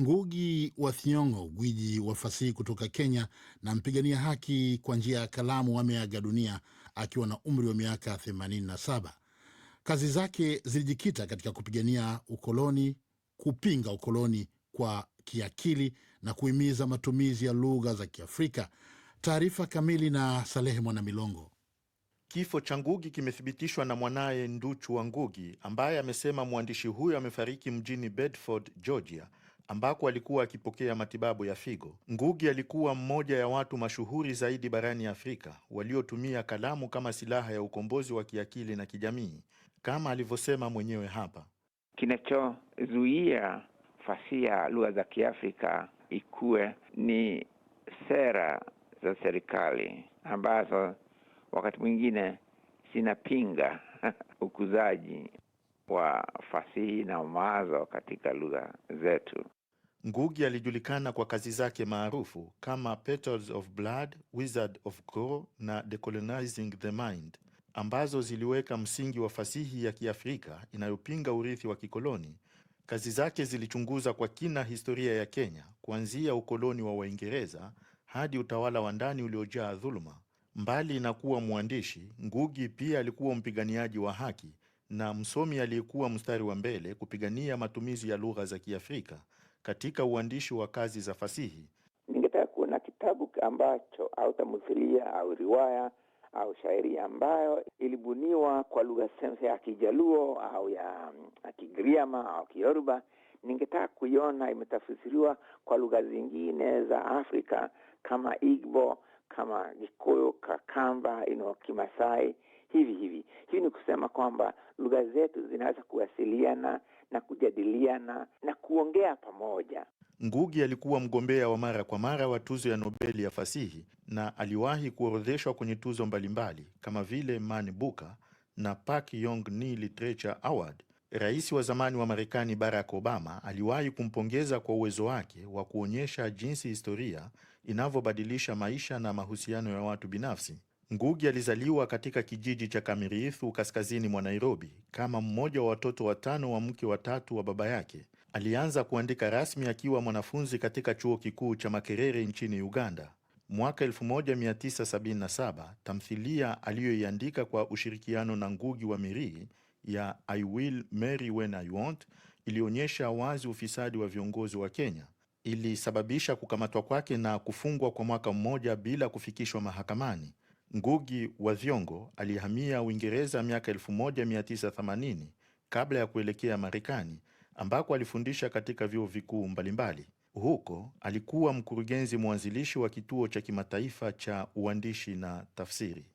Ngugi wa Thiong'o, gwiji wa fasihi kutoka Kenya na mpigania haki kwa njia ya kalamu, ameaga dunia akiwa na umri wa miaka 87. Kazi zake zilijikita katika kupigania ukoloni, kupinga ukoloni kwa kiakili na kuhimiza matumizi ya lugha za Kiafrika. Taarifa kamili na Salehe Mwanamilongo. Kifo cha Ngugi kimethibitishwa na mwanaye Nduchu wa Ngugi ambaye amesema mwandishi huyo amefariki mjini Bedford, Georgia ambako alikuwa akipokea matibabu ya figo. Ngugi alikuwa mmoja ya watu mashuhuri zaidi barani Afrika waliotumia kalamu kama silaha ya ukombozi wa kiakili na kijamii, kama alivyosema mwenyewe hapa. Kinachozuia fasia lugha za Kiafrika ikuwe ni sera za serikali ambazo wakati mwingine zinapinga ukuzaji wa fasihi na mawazo katika lugha zetu. Ngugi alijulikana kwa kazi zake maarufu kama Petals of Blood, Wizard of Gore na Decolonizing the Mind, ambazo ziliweka msingi wa fasihi ya Kiafrika inayopinga urithi wa kikoloni. Kazi zake zilichunguza kwa kina historia ya Kenya, kuanzia ukoloni wa Waingereza hadi utawala wa ndani uliojaa dhuluma. Mbali na kuwa mwandishi, Ngugi pia alikuwa mpiganiaji wa haki na msomi aliyekuwa mstari wa mbele kupigania matumizi ya lugha za Kiafrika katika uandishi wa kazi za fasihi. Ningetaka kuona kitabu ambacho au tamthilia au riwaya au shairi ambayo ilibuniwa kwa lugha ya Kijaluo au ya Kigiriama au Kiyoruba. Ningetaka kuiona imetafsiriwa kwa lugha zingine za Afrika kama Igbo, kama Gikuyu, Kakamba, ino Kimasai hivi hivi. Hii ni kusema kwamba lugha zetu zinaweza kuwasiliana na kujadiliana na kuongea pamoja. Ngugi alikuwa mgombea wa mara kwa mara wa tuzo ya Nobeli ya fasihi na aliwahi kuorodheshwa kwenye tuzo mbalimbali kama vile Man Booker na Park yong ni Literature Award. Rais wa zamani wa Marekani Barack Obama aliwahi kumpongeza kwa uwezo wake wa kuonyesha jinsi historia inavyobadilisha maisha na mahusiano ya watu binafsi. Ngugi alizaliwa katika kijiji cha kamirithu kaskazini mwa Nairobi kama mmoja wa watoto watano wa mke watatu wa baba yake. Alianza kuandika rasmi akiwa mwanafunzi katika chuo kikuu cha Makerere nchini Uganda. Mwaka 1977 tamthilia aliyoiandika kwa ushirikiano na Ngugi wa Mirii ya I Will Marry When I Want ilionyesha wazi ufisadi wa viongozi wa Kenya. Ilisababisha kukamatwa kwake na kufungwa kwa mwaka mmoja bila kufikishwa mahakamani. Ngugi wa Thiong'o alihamia Uingereza miaka 1980 kabla ya kuelekea Marekani ambako alifundisha katika vyuo vikuu mbalimbali. Huko alikuwa mkurugenzi mwanzilishi wa kituo cha kimataifa cha uandishi na tafsiri.